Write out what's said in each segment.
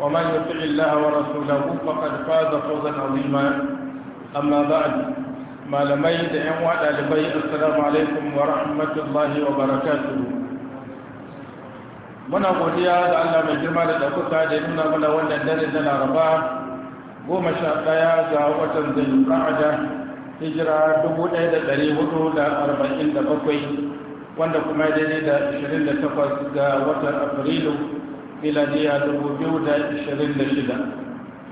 ومن يطع الله ورسوله فقد فاز فوزا عظيما أما بعد ما لميد أموال لبي السلام عليكم ورحمة الله وبركاته muna godiya ga Allah mai girma da ɗaukaka da nuna mana wannan dare na laraba goma sha ɗaya ga watan zai ƙa'ada hijira dubu ɗaya da ɗari hudu da arba'in da bakwai wanda kuma da ashirin da takwas ga watan afrilu miladiya dubu biyu da ashirin da shida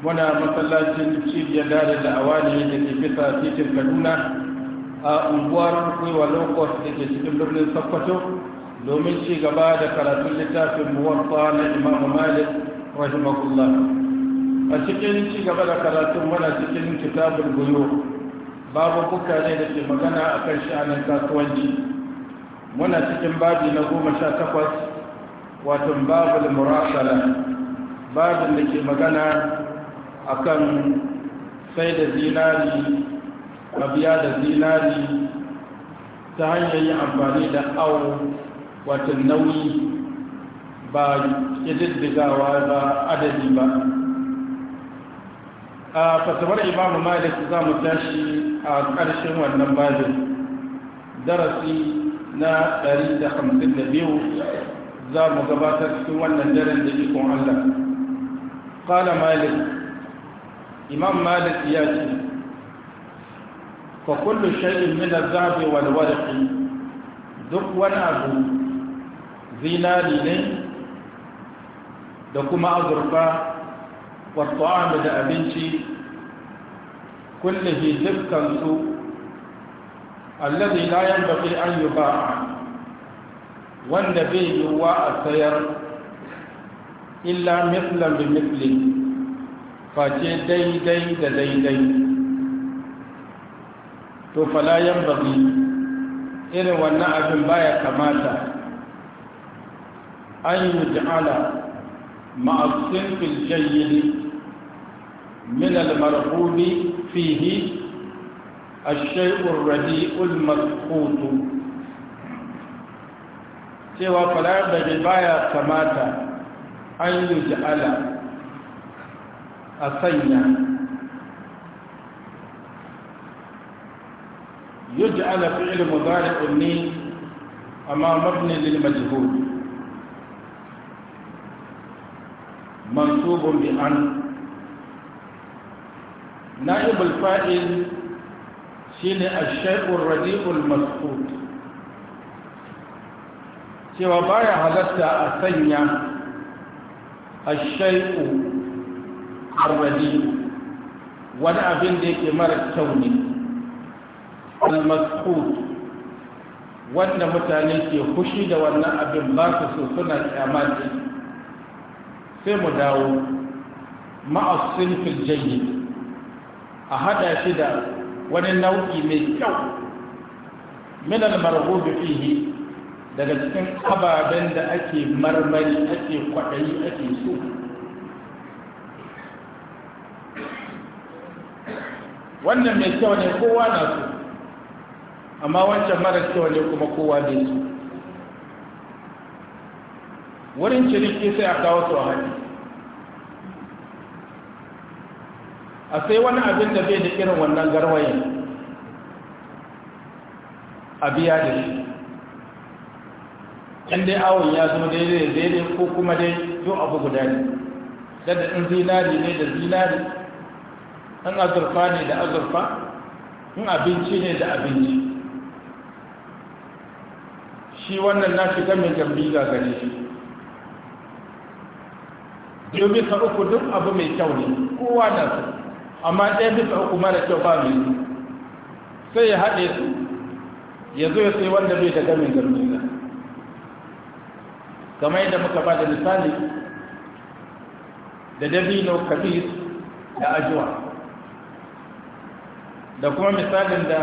muna masallacin cibiyar dare da awali da ke bisa titin kaduna a unguwar kuiwa lokos da ke cikin birnin sokoto domin ci gaba da karatun littafin muwarfa na imamu malik rahimahullah a cikin ci gaba da karatun muna cikin kitabun goyo. babu kuka ne da ke magana akan sha'anin kasuwanci muna cikin babi na goma sha takwas wato babul murasala babin da ke magana akan sai da zinari biya da zinari ta hanyar yi amfani da awo wato nauyi ba ƙididdigawa ba adadi ba a fatawar imamu malik za mu tashi a ƙarshen wannan babin darasi na 152 za mu gabatar cikin wannan daren da ikon Allah qala malik imam malik ya ce Ka kullu shay'in mina az-zahab duk wani abu zinari ne da kuma azurfa wa da abinci kullihi dukkan su alladhi layan yanbaghi an yuba'a wanda bai wa a sayar illa mislan bi misli face daidai da daidai to falayen baki irin wannan abin baya kamata an yi ji'ala ma'asin filjayyili من المرغوب فيه الشيء الرديء المسقوط cewa falayar da ya kamata an yi ja'ala a sanya yi ja'ala fi ilmu zari ne a mabni lil majhul mansubun bi an na'ibul fa'il shine ash-shay'ur radi'ul masqut cewa baya halatta a sanya ashaiku arradi wani abin da yake mara kyau ne almaskud wanda mutane ke kushi da wannan abin ba su so suna kyamati sai mu dawo ma'asin filjayi a hada shi da wani nau'i mai kyau min almarhubi fihi daga cikin ababen da ake marmari ake kwaɗayi ake so wannan mai kyau ne kowa na so amma wancan mara kyau ne kuma kowa bai so wurin ciniki sai a kawo su a hannu a sai wani abin da bai da irin wannan garwayen a biya da shi in dai awon ya zama daidai daidai ko kuma dai yau abu guda ne daga in zinari ne da zinari in azurfa ne da azurfa in abinci ne da abinci shi wannan na shiga mai gambi ga gare shi biyu bisa uku duk abu mai kyau ne kowa na su amma ɗaya bisa uku mara kyau ba mai sai ya haɗe su ya zo ya sai wanda bai da gami gambi kamar yadda muka ba da misali da dabino kabir da ajuwa da kuma misalin da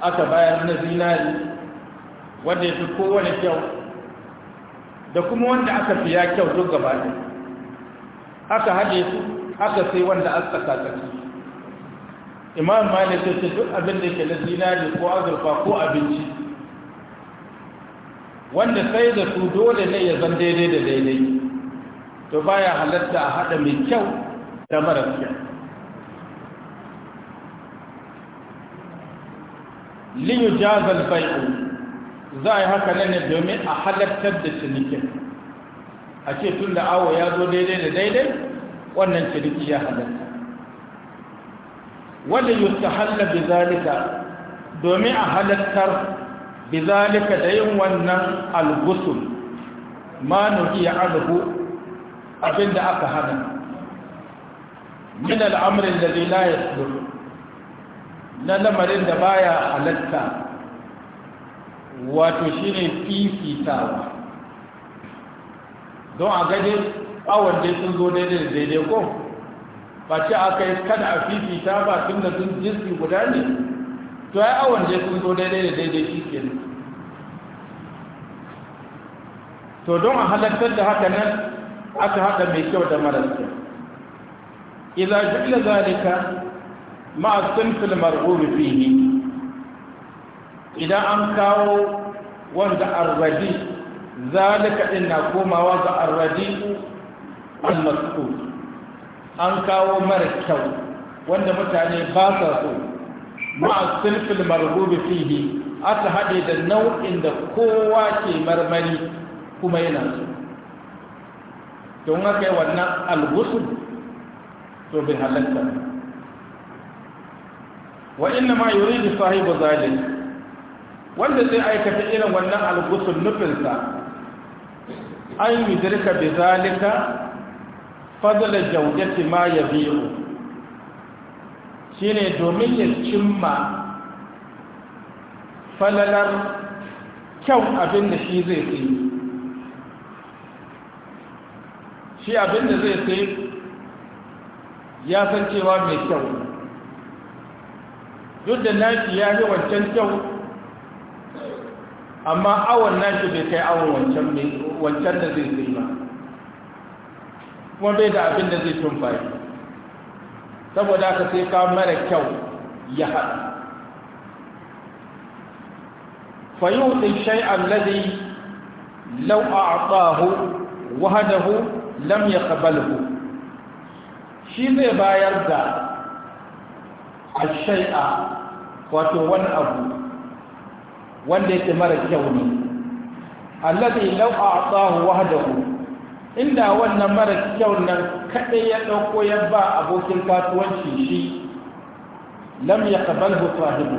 aka bayar na zinari wanda ya fi kowane kyau da kuma wanda aka fiya kyau duk gabata aka haɗe su aka sai wanda an tsakatsaki imam malik ya ce duk abin da ke na zinari ko azurfa ko abinci wanda sai da su dole ne ya zan daidai da daidai to baya halatta a haɗa mai kyau da mara kyau liyu jazal bai'u za a yi haka nan domin a halattar da cinikin a ce tun da awo ya zo daidai da daidai wannan ciniki ya halatta wanda yi ta halla bi zalika domin a halattar bi zalika da yin wannan al-ghusl ma nuhiya anhu abinda aka hana min al-amr alladhi la yasluh na lamarin da baya halatta wato shine fifitawa don a gani awon dai sun zo daidai da daidai ko ba ce aka yi kada a fifita ba tun da sun jinsi guda ne to ai awon dai sun zo daidai da daidai shi ke to don a halartar da haka nan aka haɗa mai kyau da marar kyau idza ju'ila zalika sun filmar mar'ubi fihi idan an kawo wanda arradi zalika ɗin na komawa ga arradi al masu an kawo mara kyau wanda mutane ba sa so ma'a sinfil marhubi fihi aka haɗe da nau'in da kowa ke marmari kuma yana so don haka yi wannan algusul to bin halatta wa inna ma yuri da sahibu zalim wanda zai aikata irin wannan algusul nufinsa an yi dirka bi zalika fadla jaujati ma ya biyu shine domin ya cimma falalar kyau abin da shi zai tsaye shi abin da zai tsaye ya san cewa mai kyau duk da nashi ya yi wancan kyau amma awon nashi bai kai awon wancan da zai tsaye ba kuma bai da abin da zai tumfaye saboda ka sai ka mara kyau ya haɗu fayuɗin shay'an ladai lau a atahu wahadahu lam ya kabalhu shi zai bayar da a shai'a wato wani abu wanda yake mara kyau ne alladhi law a'tahu wahdahu inda wannan mara kyau nan kaɗai ya ɗauko ya ba abokin kasuwanci shi lam ya kabalhu sahibu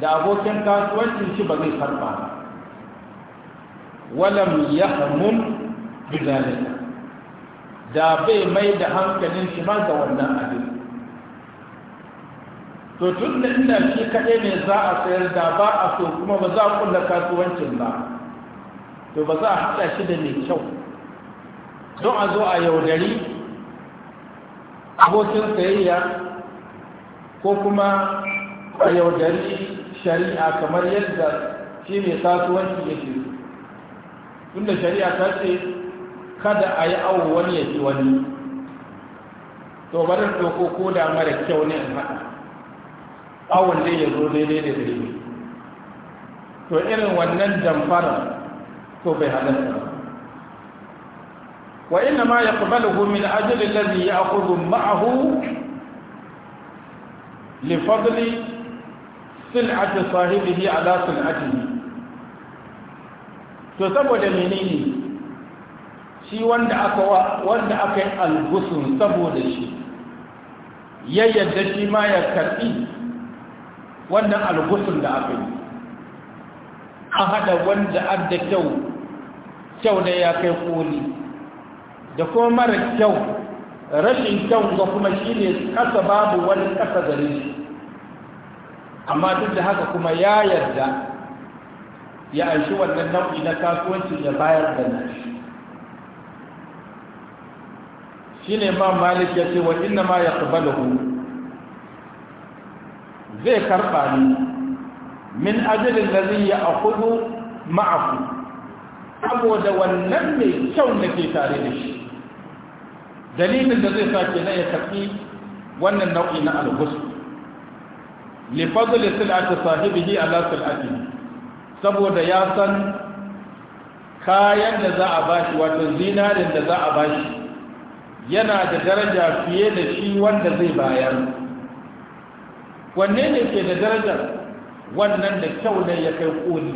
da abokin kasuwanci shi ba zai karba ba walam ya hamun bizalika da bai mai da hankalin shi ma ga wannan abin to tun da inda shi kaɗai ne za a sayar da ba a so kuma ba za a kulla kasuwancin ba to ba za a haɗa shi da mai kyau don a zo a yaudari abokin sayayya ko kuma a yaudari shari'a kamar yadda shi mai kasuwanci yake tunda shari'a ta ce kada a yi awo wani ya ji wani to barin doko ko da mara kyau ne in haɗa awon dai ya zo daidai da daidai to irin wannan damfara to bai halatta ba وإنما يقبله من أجل الذي يأخذ معه لفضل سلعة صاحبه على سلعته تسبب منيني shi wanda aka wanda aka yi algusun saboda shi ya yadda shi ma ya karbi wannan algusun da aka yi an hada wanda an da kyau kyau da ya kai koli da kuma mara kyau rashin kyau da kuma shi ne kasa babu wani kasa gare shi amma duk da haka kuma ya yarda ya aishi wannan nau'i na kasuwanci ya bayar da nashi shi ne ma malik ya ce wa inna ma ya kubalahu zai karɓa ni min ajalin da zai yi a kudu ma'afu saboda wannan mai kyau da ke tare da shi dalilin da zai sake na ya karfi wannan nau'i na alhusu lifadul silati sahibihi ala silati saboda ya san kayan da za a bashi wato zinarin da za a bashi yana da daraja fiye da shi wanda zai bayar wanne ne ke da darajar wannan da kyau ne ya kai koli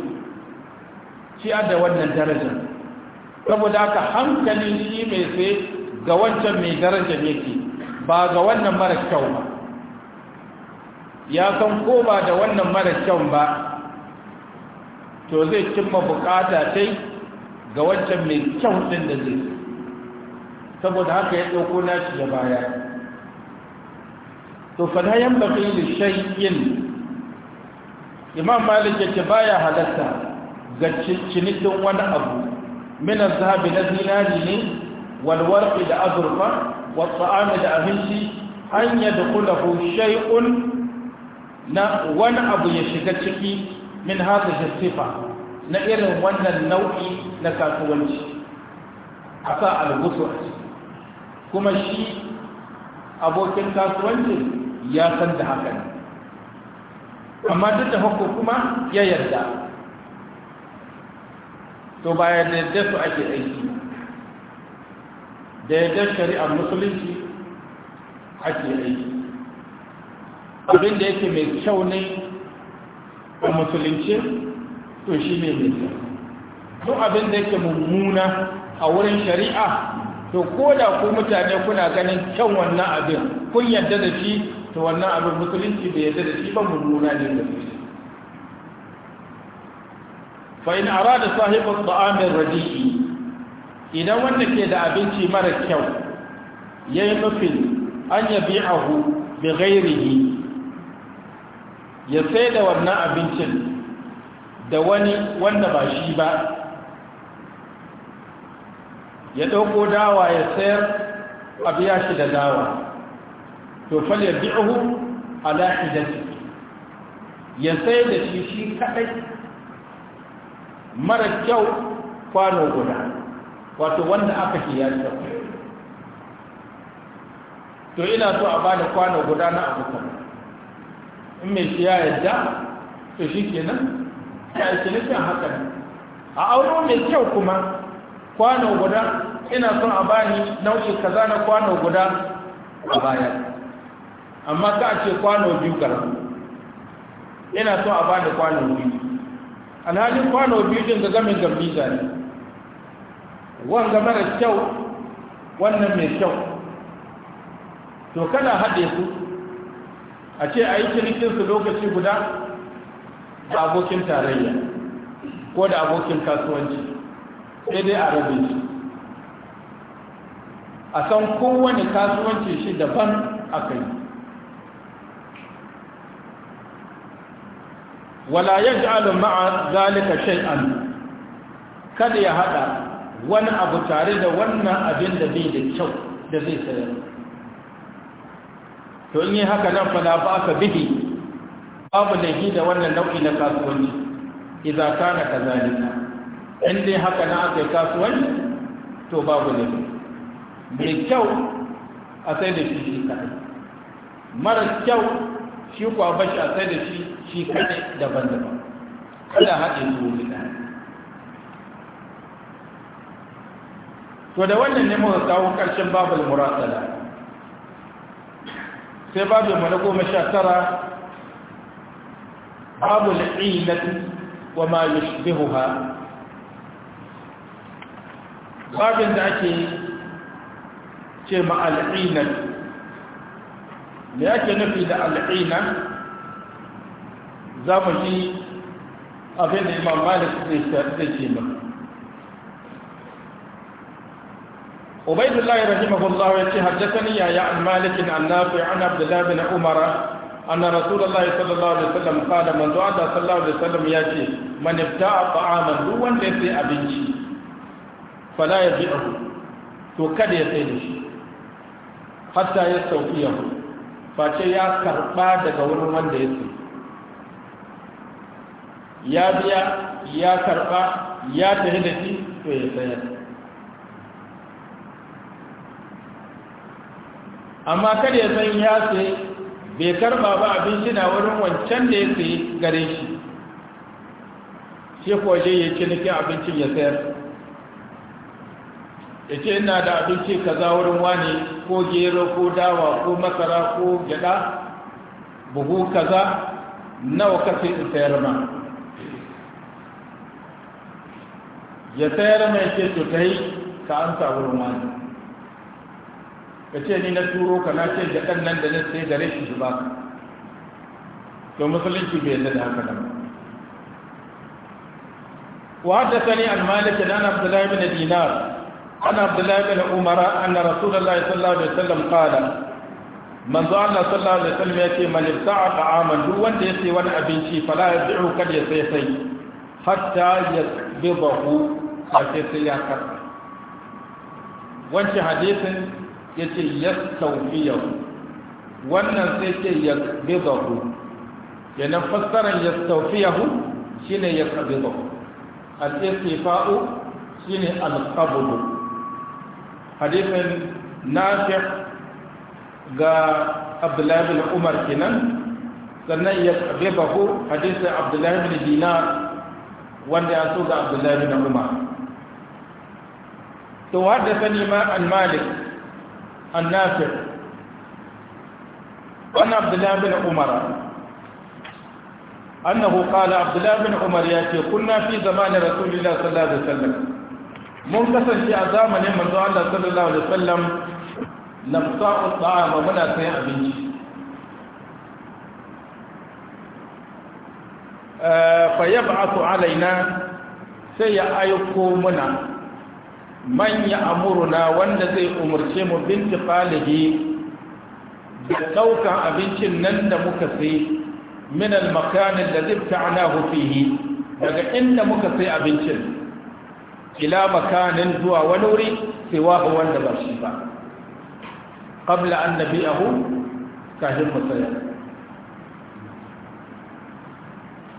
shi da wannan darajar saboda haka hankali shi mai sai ga wancan mai darajar yake ba ga wannan mara kyau ba ya san ko ba da wannan mara kyau ba to zai cimma bukata tai ga wancan mai kyau din da zai saboda haka ya ɗauko nashi da baya to fana yan baƙi da shayin imam malik ya ce baya halatta ga cinikin wani abu minar zabi na zinari ne walwarki da azurfa wasu da abinci an yi da kulahu shai'un na wani abu ya shiga ciki min haɗa sifa na irin wannan nau'i na kasuwanci a sa algusu a ciki kuma shi abokin kasuwancin ya san da haka amma duk da haka ya yarda to ba ya da su ake aiki da yadda shari'ar musulunci ake aiki abin da yake mai kyau ne a musulunci to shi ne mai kyau to abin da yake mummuna a wurin shari'a to ko da ku mutane kuna ganin kyan wannan abin kun yadda da shi to wannan abin musulunci bai yadda da shi ba mummuna ne da shi fa in arada sahibu ta'amin radi'i idan wanda ke da abinci mara kyau ya yi nufin an bi ahu da gairihi ya sai da wannan abincin da wani wanda ba shi ba ya ɗauko dawa ya sayar a biya shi da dawa to fal ya bi'uhu ala ya sai da shi shi kaɗai mara kyau kwano guda wato wanda aka ce ya tsaro to ina so a bada kwano guda na abokan in mai siya ya yadda to shi ke nan ya yi cinikin haka ne a auro mai kyau kuma kwano guda ina son a bani nau'i kaza na kwano guda a baya amma ka a ce kwano biyu garam ina son a bani kwano biyu alhalin kwano biyu din ga gamin gambiza ne wanga mara kyau wannan mai kyau to kana haɗe su a ce a yi cinikinsu lokaci guda da abokin tarayya ko da abokin kasuwanci sai dai a rabe shi a san kowane kasuwanci shi daban aka yi wala ya ji ma'a zalika shay'an kada ya haɗa wani abu tare da wannan abin da bai da kyau da zai sayar to in yi haka nan fada ba ka bihi babu laifi da wannan nau'i na kasuwanci idan kana kazalika in dai haka na aka yi kasuwanci to babu laifi mai kyau a sai da shi shi kaɗai mara kyau shi kuwa bashi a sai da shi shi kaɗai daban-daban kada haɗe su wuri ɗaya to da wannan ne muka kawo ƙarshen babul murasala sai babu mu na goma sha tara babul ilati wa ma yushbihuha babin da ake ce ma al'ina me yake nufi da al'ina za mu ji abin da imam malik zai ce maka عبيد الله رحمه الله يتي حدثني يا عن مالك عن نافع عن عبد الله بن عمر أن رسول الله صلى الله عليه وسلم قال من دعا صلى الله عليه وسلم يأتي من ابتاع طعاما دون ليس أبنشي فلا يبيعه وكد يسيرش حتى يستوفيه face يا كربا daga wurin wanda ya sai ya biya ya karɓa ya tafi da amma kada ya san ya sai bai karba ba abinci na wurin wancan da ya sai gare shi shi ko je ya cinikin abincin ya sayar ya ce ina da abinci kaza wurin wani ko gero ko dawa ko masara ko gyada buhu kaza nawa kace in sayar ma ya sayar mai ce to kai ka amsa wurin wani ka ce ni na turo ka na ce gaɗan nan da nan sai gare shi zuba ka to musulunci bai yadda da haka nan wa haddathani an malik an abdullahi bin dinar an abdullahi bin umara anna rasulullah sallallahu alaihi wasallam qala man za Allah sallallahu alaihi wasallam ya ce man ibta'a duk wanda ya sayi wani abinci fala yad'u kad ya sai sai hatta yasbihu ka sai ya karba wancan hadisin ya ce ya wannan sai ce ya bidahu kenan fassarar ya taufiyahu shi ne ya bidahu al-istifa'u shi ne al-qabdu nafi ga abdullahi bin umar kenan sannan ya bidahu hadisin abdullahi bin dinar wanda ya so ga abdullahi bin umar to haddasa ma an malik النافع عن عبد الله بن عمر أنه قال عبد الله بن عمر ياتي كنا في زمان رسول الله صلى الله عليه وسلم منكسر في عزام من الله صلى الله عليه وسلم نقطع الطعام ولا سيء أبنج فيبعث علينا سيء أيكو منا man ya amuruna wanda zai umarce mu binti falihi da ɗaukan abincin nan da muka sai min almakanin da zibta ana fihi daga inda muka sai abincin ila makanin zuwa wani wuri sai wahu wanda ba shi ba qabla an nabi'ahu kafin musaya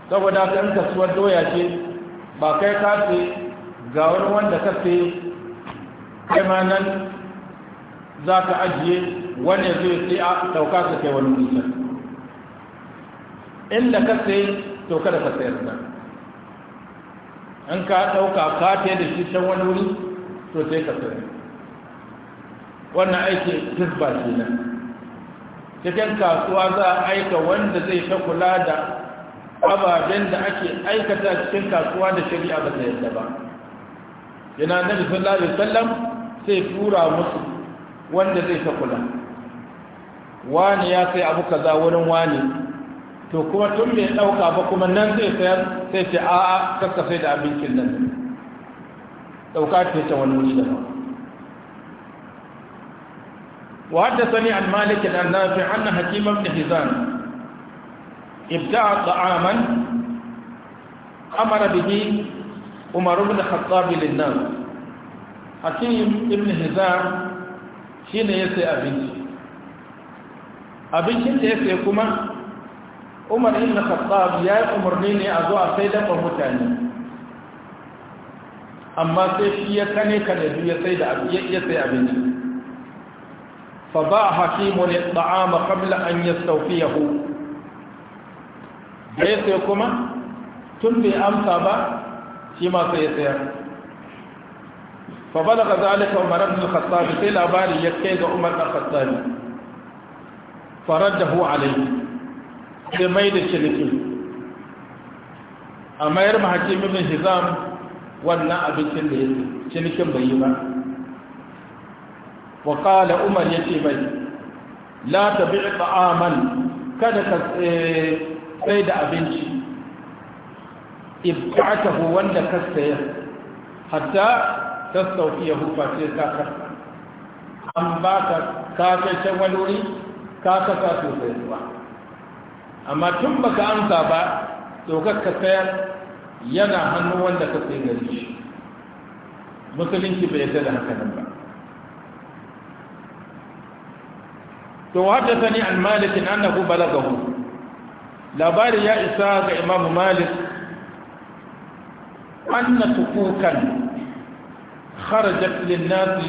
saboda kan kasuwar doya ce ba kai ka ga wani wanda ka kai ma nan za ka ajiye wani ya zai sai a tauka ka kai wani nisa inda ka sai to kada ka sayar da an ka tauka ka ta da shi can wani wuri to sai ka sayar wannan aiki kirba shi nan cikin kasuwa za a aika wanda zai ta kula da ababen da ake aikata cikin kasuwa da shari'a ba ta yadda ba yana nabi sallallahu alaihi wasallam sai tura musu wanda zai ta kula wani ya sai abu kaza wurin wani to kuma tun bai ɗauka ba kuma nan zai sayar sai ce a'a kakka sai da abincin nan ɗauka ce ta wani wuri da ba وحدثني عن مالك عن نافع أن حكيم بن حزام ابتاع طعاما أمر به عمر بن الخطاب للناس hakim ibn hizam shi ne ya sai abinci abincin da ya sai kuma umar ibn khattab ya yi umarni ne a zuwa sai dafa mutane amma sai shi ya kane kanadu ya sai da ya sai abinci fa ba hakimun ta'ama qabla an yastawfiyahu da ya sai kuma tun bai amsa ba shi masu sai ya sayar fa balagha zalika umar ibn al sai labarin ya kai ga umar ibn al-khattab faradahu alayhi sai mai da cinikin a mayar mahakim ibn hizam wannan abincin da yake cinikin bai yi ba wa qala umar yace bai la kada ka eh, sai abinci ibta'atahu wanda ka saya, hatta tasauki ya hufa ce ka an ba ka kafin wani wuri ka kasa sosai zuwa amma tun ba ka amsa ba dokar ka sayar yana hannu wanda ka sai gari shi musulunci bai yadda da haka nan ba to haddathani an malik annahu balagahu labari ya isa ga imamu malik anna tukukan خرجت للناس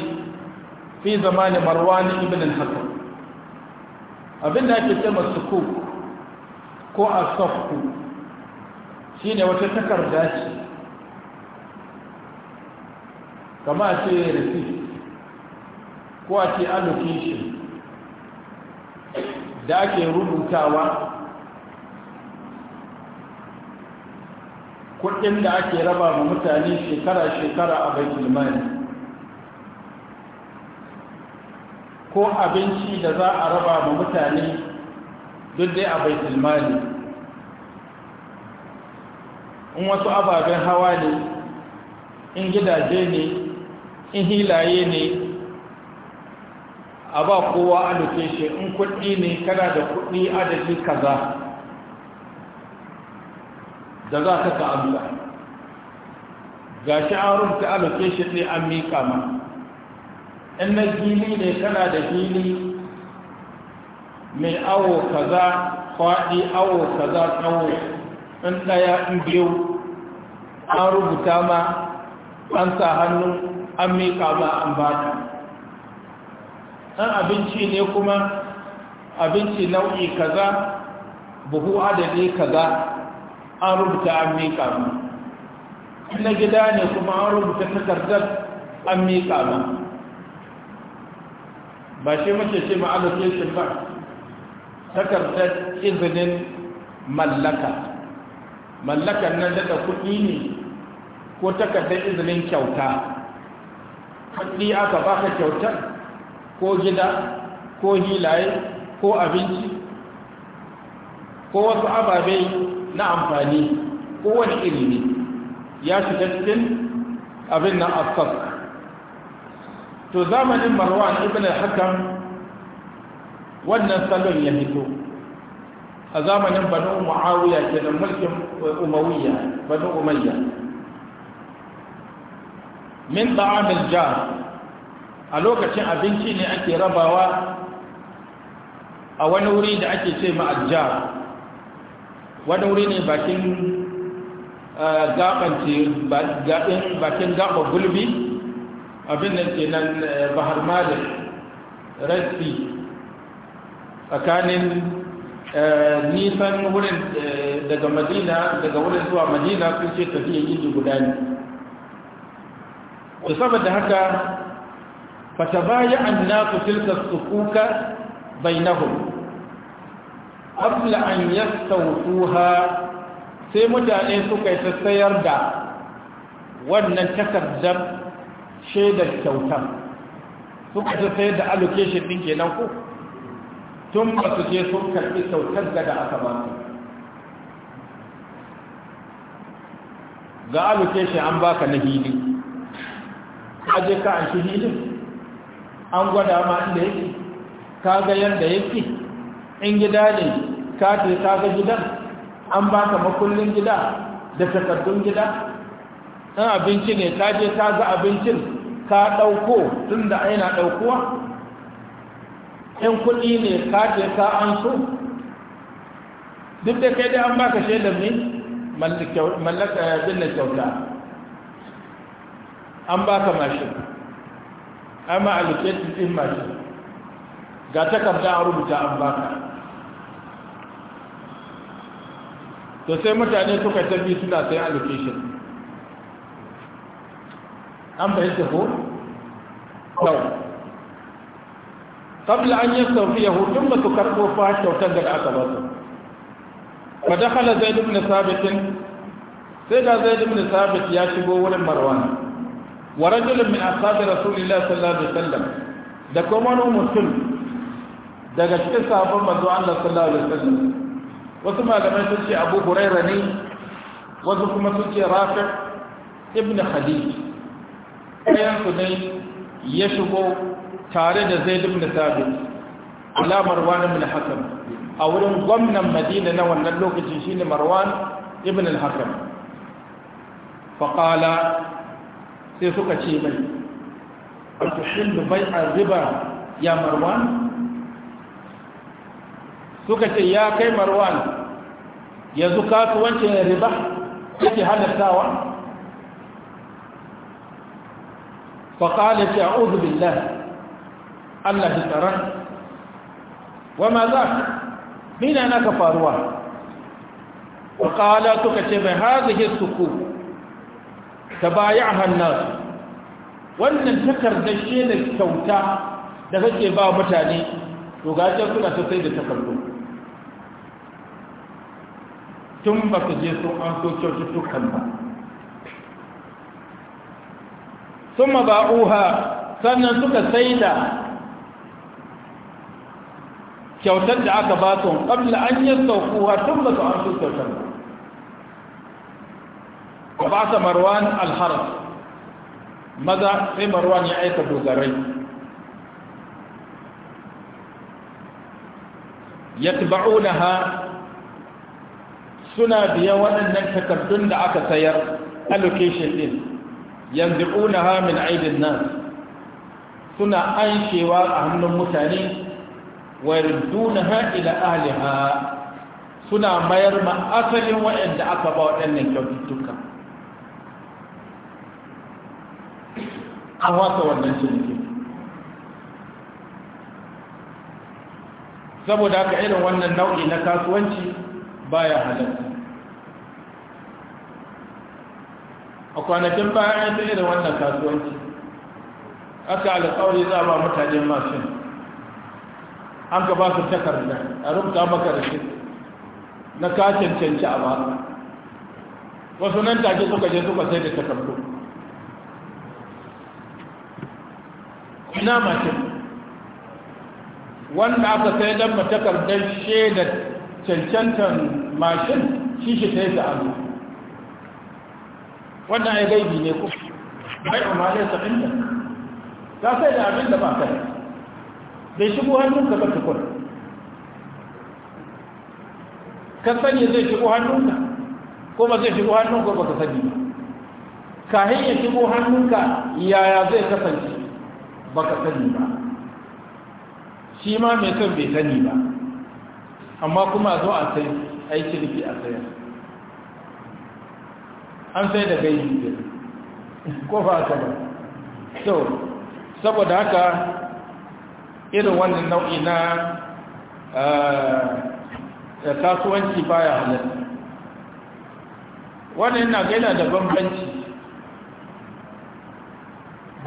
في زمان مروان ابن الحكم abin da ake cema suku ko a sofku shi ne wata takarda ce kama ce receipt ko a ce allocation da ake rubutawa kudin da ake raba ma mutane shekara-shekara a baitul ko abinci da za a raba ma mutane duk dai a baitul mali in wasu ababen hawa ne in gidaje ne in hilaye ne a ba kowa a shi in kuɗi ne kada da kuɗi adadi kaza da za ka ka ga shi auren ka alake shi ne an miƙa ma in na gini ne kana da gili mai awo kaza faɗi awo kaza tsawo in ɗaya in biyu an rubuta ma an sa hannu an miƙa ma an ba ta ɗan abinci ne kuma abinci nau'i kaza buhu adadi kaza an rubuta an miƙa mu na gida ne kuma an rubuta takardar an miƙa mu ba shi mace ce ma allocation ba takardar izinin mallaka mallakan nan daga kuɗi ne ko takardar izinin kyauta kuɗi aka baka kyautar ko gida ko hilaye ko abinci ko wasu ababe na amfani kowane iri ne ya shiga cikin abin nan to zamanin marwan ibn hakan wannan salon ya fito a zamanin banu muawiya ke da mulkin eh, umawiya banu umayya min ta'amil jar a lokacin abinci ne ake rabawa a wani wuri da ake ce ma jar. wani wuri ne bakin gaɓance bakin gaɓa gulbi abin da ke nan e, bahar malik red tsakanin e, nisan wurin e, daga madina daga wurin zuwa madina sun ce tafiya inji guda ne ku saboda haka fata baya an nasu tilka bai nahu. qabla an yastawfuha sai mutane suka yi ta sayar da wannan takardar shaidar kyautar suka ta sayar da allocation din kenan ku. tun ba su je sun karbi kyautar da aka ba su ga allocation an baka na hili aje ka an shi hilin an gwada ma inda yake ka ga yadda yake in gida ne ka ce ka ga gidan an ba ka makullin gida da takardun gida ɗan abinci ne ka ce ka ga abincin ka ɗauko tun da aina ɗaukuwa in kuɗi ne ka ce ka an so duk da kai dai an ka shaidar ne mallaka ya eh, binne kyauta an ba ka mashin amma allocated ɗin mashin ga takarda a rubuta an ba ka. to sai mutane suka tafi suna sayan allocation an bayyanta ko? kawai قبل أن يستوفيه ثم تكرر فاش وتنزل عقبة فدخل زيد بن ثابت سيدا زيد بن ثابت ياشبو ولم مروان ورجل من أصحاب رسول الله صلى الله عليه وسلم دكمان مسلم دقشت صاحب مزوان الله صلى الله عليه وسلم wasu malamai sun ce abu huraira ne wasu kuma sun ce rafi ibn khalid ɗayansu ne ya shigo tare da zai ibn sabit ala marwan ibn hakan a wurin gwamnan madina na wannan lokacin shine marwan ibn al-hakam faƙala sai suka ce mai a tushin bai a riba ya marwan suka ce ya kai marwan yanzu kasuwancin riba yake halattawa faƙalar ce a uzubin Allah shi tsaron wa ma za mina naka faruwa faƙala suka ce mai hazihin suku ta baya a hannarsu wannan takardar shi ne kyauta da kake ba mutane to gajiyar suna sosai da takardu tun ba ka je sun an so kyaututtukan ba sun maba'uha sannan suka sai da kyautar da aka ba su ƙabla an yi saukuwa tun ba su an so kyautar ba ka ba ta marwan alharas maza sai marwan ya aika dogarai yatba'unaha suna biyan waɗannan takardun da aka sayar allocation din ƙuna Hamin aidin nas suna anshewa a hannun mutane wa yardunaha ila ahliha suna mayar ma asalin waɗanda aka ba waɗannan kyaututtuka an wasa wannan ciniki saboda haka irin wannan nau'i na kasuwanci baya halatta a kwanakin baya an yi da wannan kasuwanci aka alƙawari za ba mutane mashin an ka ba su takarda a rubuta maka da shi na kacin cancanci a ba wasu nan take suka je suka sai da takardu ina mashin wanda aka sai don matakardar shaidar cancantar mashin shi shi sai da abu wannan ya gaibi ne ku bai amma ne sa inda ka sai da abin da ba ka bai shigo hannunka ba tukun ka sani zai shigo hannunka ko ba zai shigo hannunka ba ka sani ba kahin ya shigo hannunka yaya zai kasance ba ka sani ba shi ma mai son bai sani ba amma kuma zo a sai ai ciniki a sayar an sai da gaji da ko ba ta ba to saboda haka irin wannan nau'i na eh, kasuwanci baya halatta wannan yana gaina da bambanci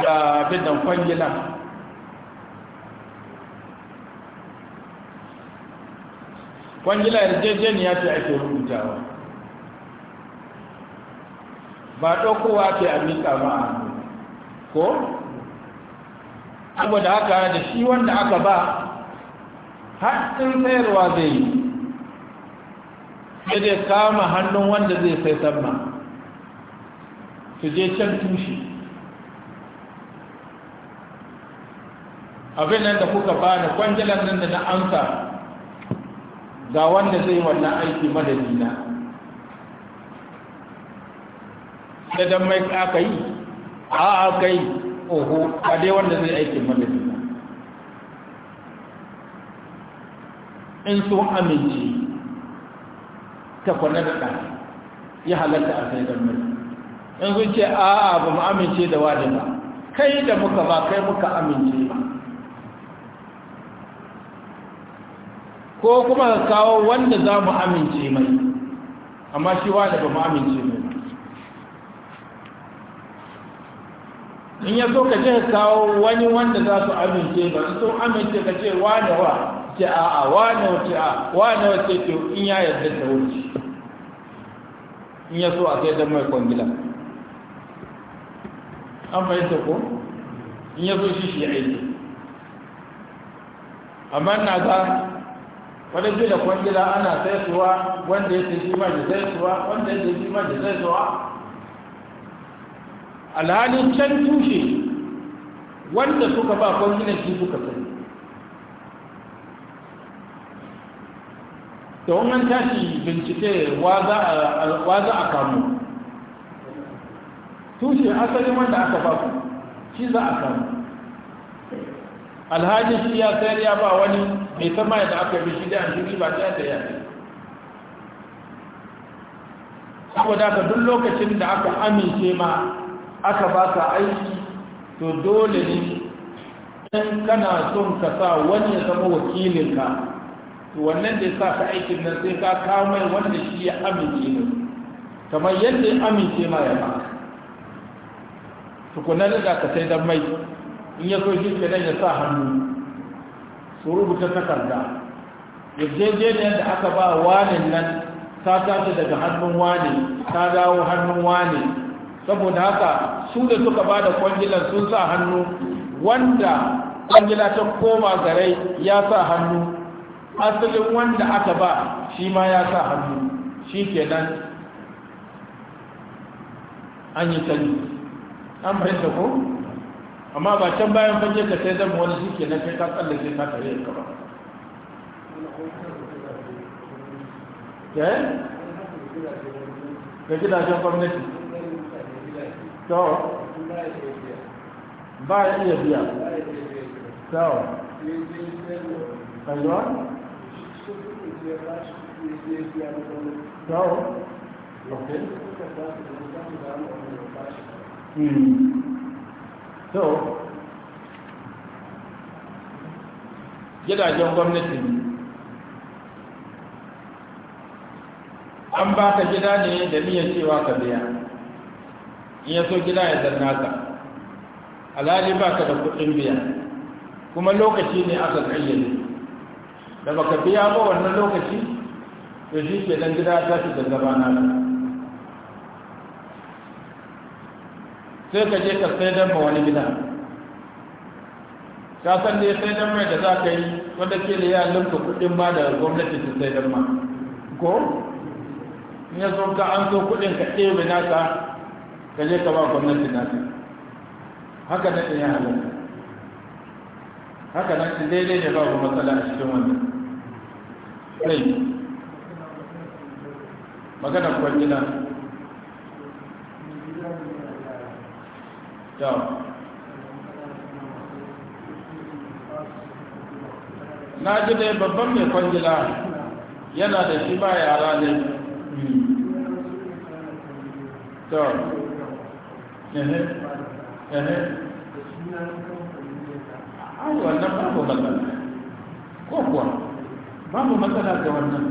da bidan kwangila kwangila yarjejeniya ce ake rubutawa ba kowa ke a miƙa ma ko? saboda haka da shi wanda aka ba haɗin sayarwa zai yi sai dai kama hannun wanda zai sai samma su je can tushe abin nan da kuka ba bani kwangilan nan da na amsa ga wanda zai wannan aiki madadina da dan mai aka yi a aka yi oho ba dai wanda zai aikin mallafi in sun amince ta kwanar da ɗan ya halatta a sai don mai in sun ce a ba mu amince da wa ba kai da muka ba kai muka amince ba ko kuma ka kawo wanda za mu amince mai amma shi da ba mu amince mai in ya so ka ce kawo wani wanda za su amince ba su sun amince ka ce wane wa ce a a wane wa ce a wane wa ce ke in ya yarda ta wuce in ya so a kai don mai kwangila an fahimta ko in ya so shi shi aiki amma na ga wadanda da kwangila ana saisuwa wanda ya ce shi ma da saisuwa wanda ya ce shi ma da saisuwa alhalin can tushe wanda suka ba kwanginan shi suka sani da wannan tashi bincike wa za a kamu tushe asalin wanda aka ba ku shi za a kamu alhaji shi ya sayar ya ba wani mai sama yadda aka bi shi da an jiri ba ta ya ce saboda ka duk lokacin da aka amince ma aka baka aiki to dole ne in kana son ka sa wani ya zama wakilinka to wannan da ya sa ka aikin nan sai ka kawo mai wanda shi ya amince ne kamar yadda ya amince ma ya baka tukunan da ka sai dan mai in ya so shi kenan ya sa hannu su rubuta takarda ne da aka ba wanin nan ta tashi daga hannun wani ta dawo hannun wani saboda haka su da suka ba da kwangilan sun sa hannu wanda kwangila ta koma garai ya sa hannu asalin wanda aka ba shi ma ya sa hannu shi ke nan an yi tani an fahimta ko amma ba can bayan fage ka sai zama wani shi kenan kai ka tsallake ka tare ka ba eh? ga gidajen gwamnati sọ́ọ̀ ba ya iya biya sọ́ọ̀ ẹ̀yọ́ sọ́ọ̀ ok hmm. to gidajen gwamnati an ba ka gida ne da niyan cewa ka biya in ya so gida ya zanna ka alhali ba ka da kuɗin biya kuma lokaci ne aka kayyade da baka biya ba wannan lokaci to shi ke nan gida ta fi zazzaba na ka sai ka je ka sai dan ba wani gida ka san ya sai dan mai da za ka yi wanda ke da ya limka kuɗin ma da gwamnati su sai dan ma ko in ya ka an zo kuɗin ka ɗebe naka ka je ka ba gwamnati na haka nan ya halatta haka nan daidai ne babu matsala a cikin wannan sai magana kwangila yau na ji dai babban mai kwangila yana da shi ba yara ne to hmm. ai wannan babu matsala ko kuwa babu matsala ga wannan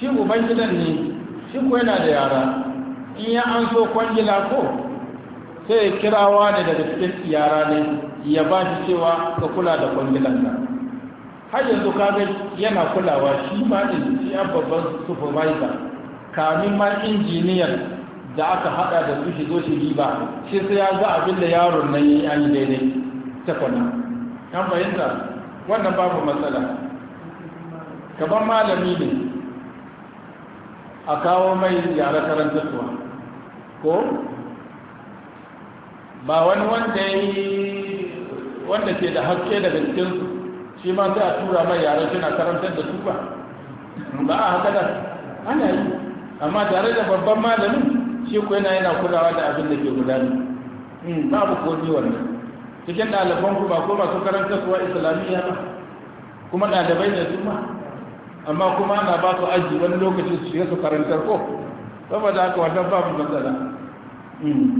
shi uban gidan ne shi ko yana da yara in ya an so kwangila ko sai kirawa ne daga cikin yara ne ya ba shi cewa ka kula da kwangilan nan har yanzu kaga yana kulawa shi ma din shi an babban supervisor kamin ma injiniyan da aka hada da su shigo shi riba shi sai ya za abin da yaron nan ya yi daidai ta kwana kan fahimta wannan babu matsala kaban malami ne a kawo mai yara tuwa ko ba wani wanda yi wanda ke da haske daga cikinsu shi ma sai a tura mai yara suna karantar da su ba ba a haka da ana yi amma tare da babban malamin shi ko yana yana kulawa da abin da ke gudana hmm, babu ko ni wannan cikin ɗaliban ku ba ko su karanta suwa islamiyya ba kuma ɗalibai da su ma amma kuma ana ba su aji wani lokaci su shiga su karantar ko saboda haka wannan babu matsala hmm.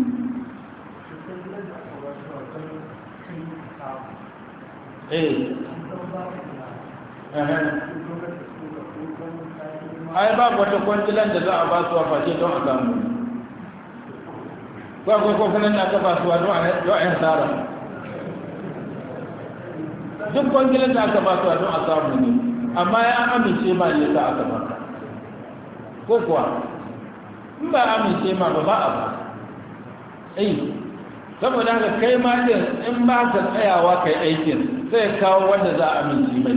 eh. ai babu wata kwantilan da za a ba su a fashe don a samu ko akwai na da aka ba su wani wa'in tsara duk na da aka ba su a samu ne amma ya amince ma ne sa aka ba ko kuwa in ba amince ma ba ba a ba ai saboda haka kai ma din in ba ka tsayawa kai aikin sai kawo wanda za a amince mai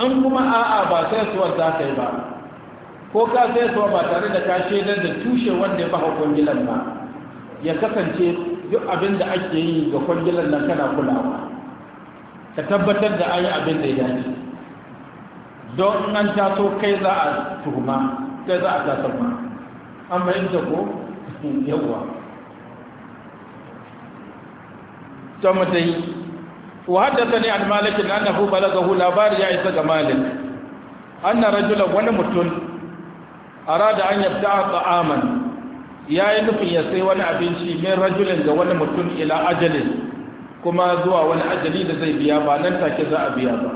in kuma a'a ba sai suwar za ka yi ba ko ka sai suwa ba tare da ka shaidar da tushe wanda ya baka kwangilan ba ya kasance duk abin da ake yi ga kwangilan nan kana kulawa ka tabbatar da ayi abin da ya dace don nan ta so kai za a tuhuma kai za a tasar ma an fahimta ko yawwa ta mutai wa haddasa ne al-malikin annahu balagahu labari ya isa ga malik anna rajulan wani mutum arada an yabda ta'aman yayi nufin ya sai wani abinci min rajulin ga wani mutum ila ajalin kuma zuwa wani ajali da zai biya ba nan take za a biya ba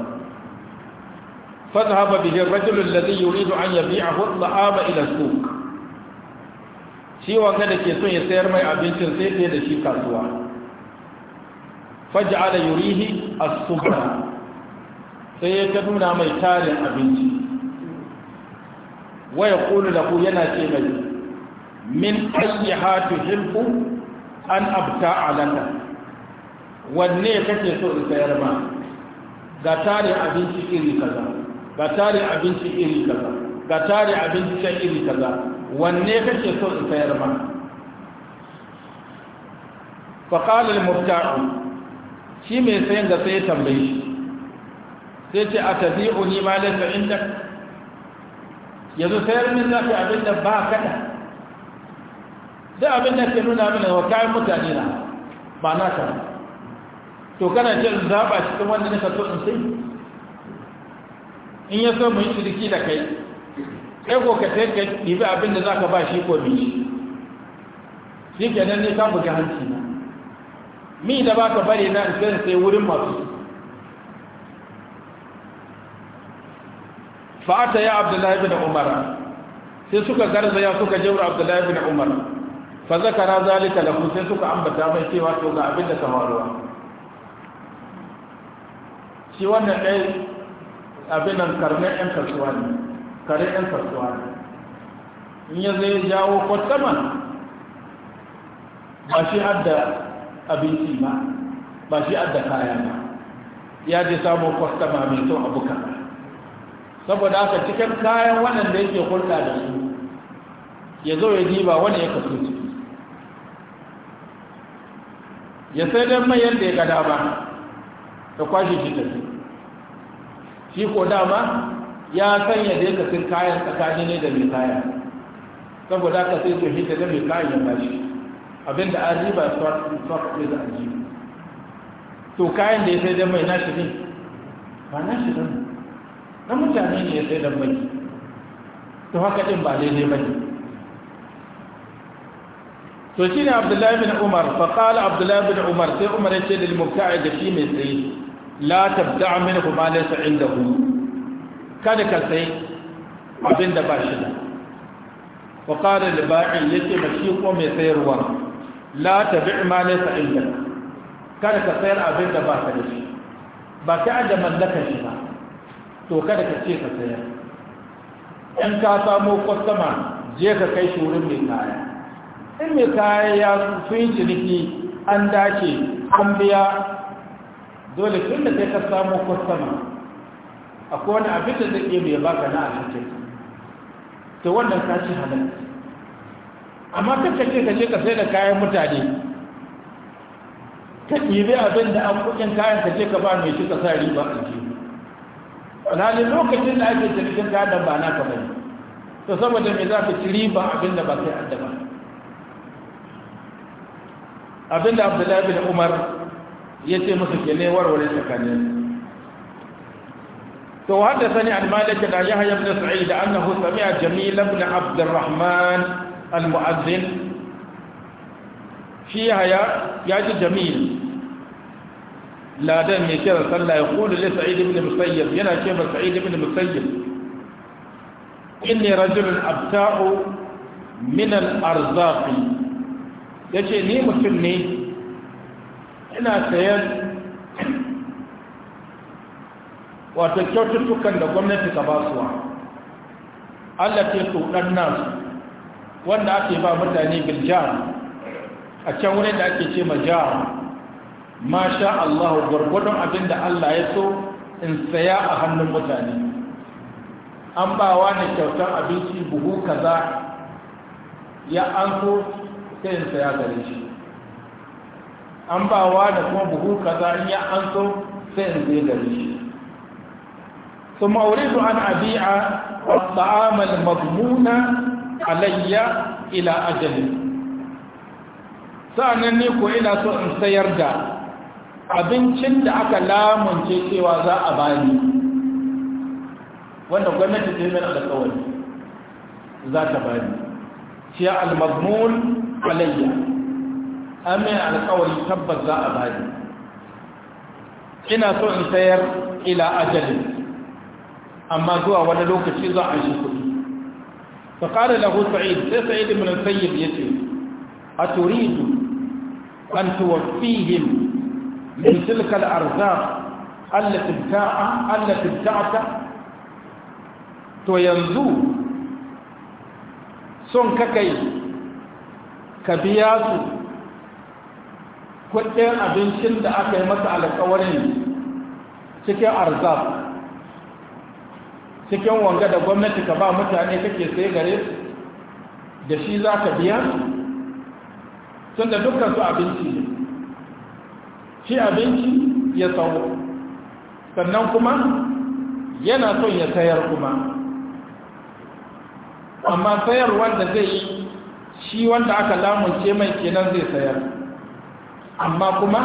fadhhaba bihi ar-rajulu yuridu an yabi'ahu taama ila suq shi wanga ke son ya sayar mai abincin sai sai da shi kasuwa faj'ala yurihi as-subha sai ya ta nuna mai tarin abinci wa da ku yana ce mai min ayyiha tuhibbu an abta alaka wanne kake so in sayar ma ga tarin abinci iri kaza ga tarin abinci iri kaza ga tare abinci can iri kaza wanne kake so in sayar ma faqala al-mubta'u shi mai sayan da sai tambaye shi sai ce a tabi'u ni ma laysa indak yanzu sayar min zafi abin da ba kaɗa. da abin da ke nuna min wa kayan mutane na ba na ta to kana ce in zaɓa cikin wanda nika so in sai in ya so mu yi ciniki da kai sai ko ka sai ka ɗibi abin da za ka ba shi ko mi shi kenan ne ka buga hanci na mi da ba ka bari na in sai wurin masu fata ya abdullahi ibn umar sai suka garza ya suka jawra abdullahi ibn umar fa zakara zalika lahu sai suka ambata mai cewa to ga abin da ka faruwa shi wannan dai abin nan karne ɗan kasuwa ne kare ɗan kasuwa ne in ya zai jawo kwatama ba shi adda abinci ba ba shi adda kaya ba ya je samun kwastama mai kyau abu kaza saboda haka cikin kayan wannan da yake hulɗa da su ya zo ya diba wani ya kaso ciki ya sai don mai yadda ya ga dama ta kwashe shi tafi shi ko dama ya sanya da ya kasin kayan tsakani ne da mai kaya saboda haka sai to hita da mai kayan ya bashi abinda an riba swap ne da ajiyu to kayan da ya sai don mai nashi ne ba nashi ne na mutane ne ya sai da mai to haka ɗin ba daidai ba ne to shi ne abdullahi bin umar faƙala abdullahi bin umar sai umar ya ce da limubta'i da shi mai tsaye la tabda'a min kuma laysa indahu kada ka sai abin da ba shi da wa qala li ba'in yace ba shi ko mai sayarwa la tabi' ma laysa indak kada ka sayar abin da ba ka da shi ba ka da mallakar shi ba to kada ka ce ka sayar in ka samo kwastama je ka kai shi wurin mai kaya in mai kaya ya sun ciniki an dace an biya dole tun da kai ka samo kwastama akwai wani abin da zai iya mai baka na alhakin to wannan ka ci halal amma kaka ce ka ce ka sai da kayan mutane ka ɗibi abin da an kuɗin kayan ka ce ka ba mai shi ka sa riba a ji alhalin lokacin da ake cinikin gadon ba naka bane to saboda me za ka ci riba abin da ba sai addaba abin da abdullahi bin umar ya ce musu ke ne warware tsakanin to haddathani an malik da yahya ibn sa'id annahu sami'a jamil ibn abd alrahman almu'azzin shi yahya ya ji jamil ladan mai kira sallah ya kulu li sa'id ibn musayyib yana ce ma sa'id ibn musayyib inni rajulun abta'u min al-arzaq yace ni mutum ne ina sayan wato kyaututtukan da gwamnati ta basuwa Allah ke tuɗan nasu wanda ake ba mutane biljam a can wurin da ake ce ma ma sha Allah gwargwadon abin da Allah ya so in saya a hannun mutane an bawa ne kyautar abinci buhu kaza ya an so sai in saya gare shi an bawa da kuma buhu kaza in ya an so sai in saya gare shi ثم أريد أن أبيع الطعام المضمون علي إلى أجل sa'annan ne ko ina so in sayar da abincin da aka lamunce cewa za a bani wanda gwamnati ta yi da kawai za ta bani shi al-mazmun alayya amin alƙawari tabbas za a bani ina so in sayar ila ajalin amma zuwa wani lokaci za a shi sai فقال له سعيد سعيد ce. A turidu, أتريد أن توفيهم من تلك الأرزاق التي ابتاع التي ابتعت تينزو son kakai ka biya su kudin abincin da aka yi masa alkawarin cikin arzab cikin wanga da gwamnati ka ba mutane kake sai gare da shi za ka biya tun da dukkan abinci ne ci abinci ya sau sannan kuma yana son ya sayar kuma amma sayar wanda zai shi wanda aka lamunce mai kenan zai sayar amma kuma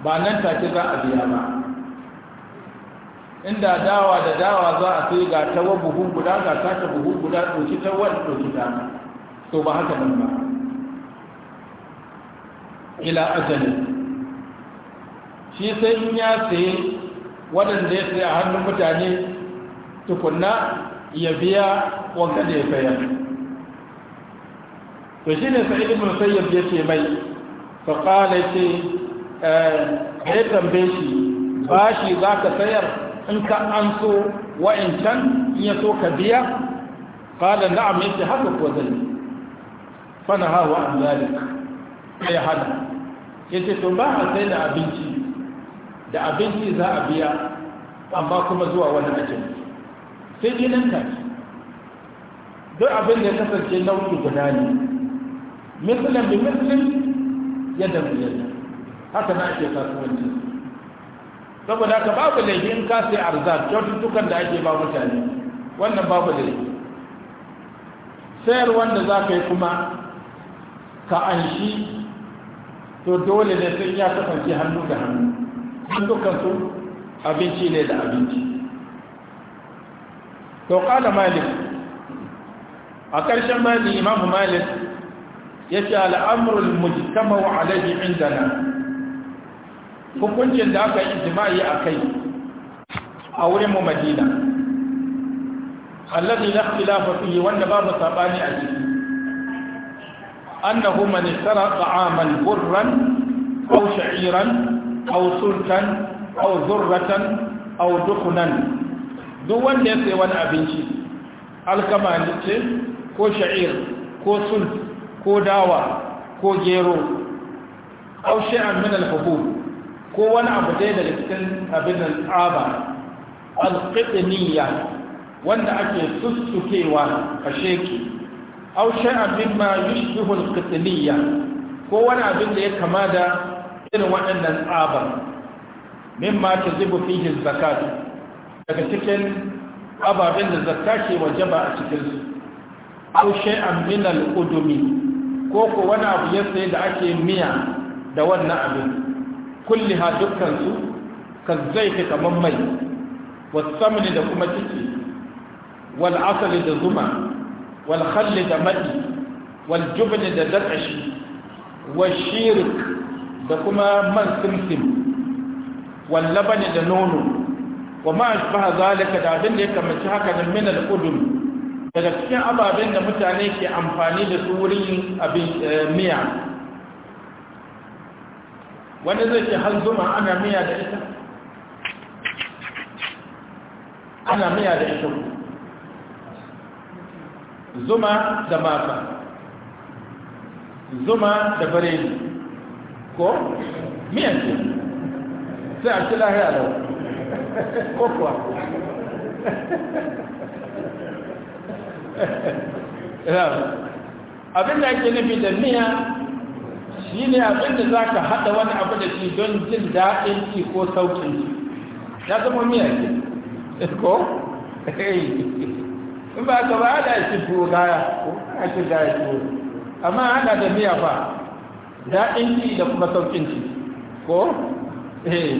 ba nan take za a biya ba inda dawa da dawa za a sai ga tawa buhu guda ga sake buhu guda ɗauki tawa ɗauki ta to ba haka nan ba ila ajali shi sai in ya saye waɗanda ya saye a hannun mutane tukunna ya biya wanda da ya sayar to shi ne sa'id ibn sayyid ya ce mai fa qala eh, ya eh tambaye shi bashi ka sayar in ka an so wa'incan in ya so ka biya qala na'am yace haka ko zai fa hawa an zalika ya hada yace to ba a sai da abinci da abinci za a biya amma kuma zuwa wani ajin sai jinin tafi duk abin da ya kasance nau'i guda ne misalin bi misalin yadda mu yadda haka na ake kasuwanci saboda ka babu laifi in ka sai arzak kyaututtukan da ake ba mutane wannan babu laifi sayar wanda za ka yi kuma ka an shi to dole ne sai ya kasance hannu da hannu don dukansu abinci ne da abinci to kala malik a ƙarshen mali imamu malik ya ce al'amurul mujtama wa alaji indana hukuncin da aka yi jima'i a kai a wurin mu madina allazi la ikhtilafa fiye wanda babu saɓani a ciki annahu man istara ta'aman burran aw sha'iran aw sultan aw zurratan aw dukhnan duk wanda ya sayi wani abinci alkama ne ce ko sha'ir ko sul ko dawa ko gero aw shay'an min al-hubub ko wani abu dai daga cikin abin tsaba. al-qitniya wanda ake sussukewa a sheki aw shay'an mimma yushbihu al-qitniya ko wani abin da ya kama da irin waɗannan tsabar mimma ta zubu fiye zakatu daga cikin ababen da zakka ke wajaba a cikinsu au shay'an min al-udumi ko ko wani abu ya sai da ake miya da wannan abin kulli ha dukkan su ka zaifi kaman mai wasamni da kuma ciki wal asali da zuma wal khalli da madi wal jubni da dakashi wa shirk da kuma man simsim wallabani da nono wa ma ashbaha zalika da abin da ya kamaci haka da min al-udum daga cikin ababen da mutane ke amfani da su wurin abin eh, miya wanda zai ce har zuma ana miya da ita ana miya da ita zuma da maka zuma da bareni ko miyan ce sai a ci lahiya lau ko kuwa abin da ake nufi da miya shi ne abin da za ka haɗa wani abu da shi don jin daɗin ci ko saukin ci ya zama miya ce ko? in ba ka ba haɗa shi tuwo gaya ko haɗa shi gaya tuwo amma haɗa da miya ba daɗin ci da kuma saukin ci ko eh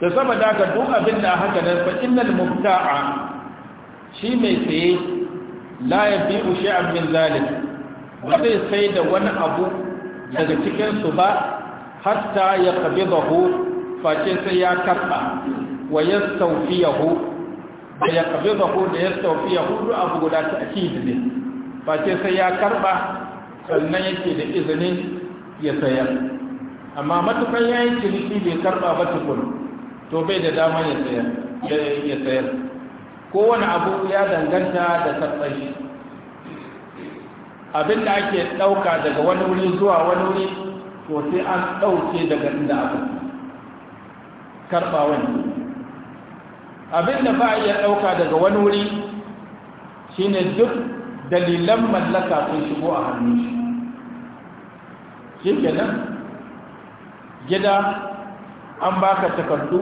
da saboda haka duk abin da haka da fa innal mubta'a shi mai tsaye. la bi shay'an min zalik ba zai sai da wani abu daga cikin su ba hatta ya qabidahu face sai ya karɓa, wa yastawfiyahu da ya qabidahu da yahu, duk abu guda ta akidi ne face sai ya karba sannan yake da izinin ya sayar amma matukar ya yi ciniki bai karba ba tukun to bai da dama ya sayar ya sayar kowane abu ya danganta da karɓar abin da ake ɗauka daga wani wuri zuwa wani wuri to sai an ɗauke daga inda abu karɓa wani abin da ba a iya ɗauka daga wani wuri shine duk dalilan mallaka sun shigo a hannun shi shi kenan gida an baka takardu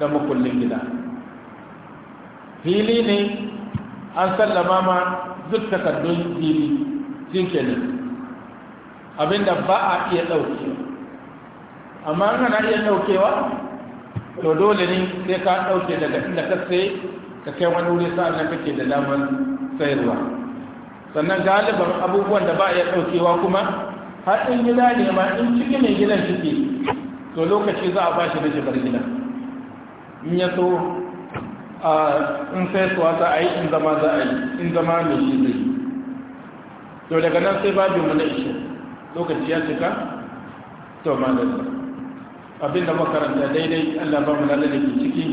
da makullin gida fili ne an sallama ma duk takardun fili shi kenan abinda ba a iya ɗaukewa amma hana iya ɗaukewa to dole ne sai ka ɗauke daga inda ka sai ka kai wani wuri sa'an nan kake da damar sayarwa sannan galiban abubuwan da ba a iya ɗaukewa kuma har in gida ne ma in ciki mai gidan suke to lokaci za a ba shi da shigar gida. in ya so in sai suwa za a yi in zama za a yi in zama mai shi zai to daga nan sai mu na ishe lokaci ya cika to ma da abinda makaranta daidai allah ba mu lalata ke ciki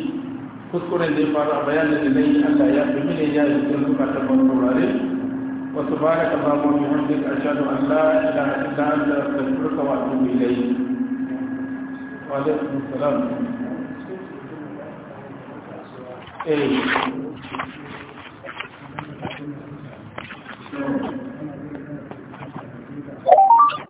kuskuren da ya faru a bayanin da na yi allah ya fi mini ya yi sun suka tabbatar وسبحانك اللهم وبحمدك أشهد أن لا إله إلا أنت أستغفرك وأتوب إليك وعليكم السلام إيه.